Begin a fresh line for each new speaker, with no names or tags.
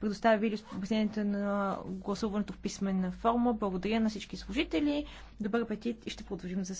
предоставили обяснението на гласуването в писмена форма. Благодаря на всички служители. Добър апетит и ще продължим за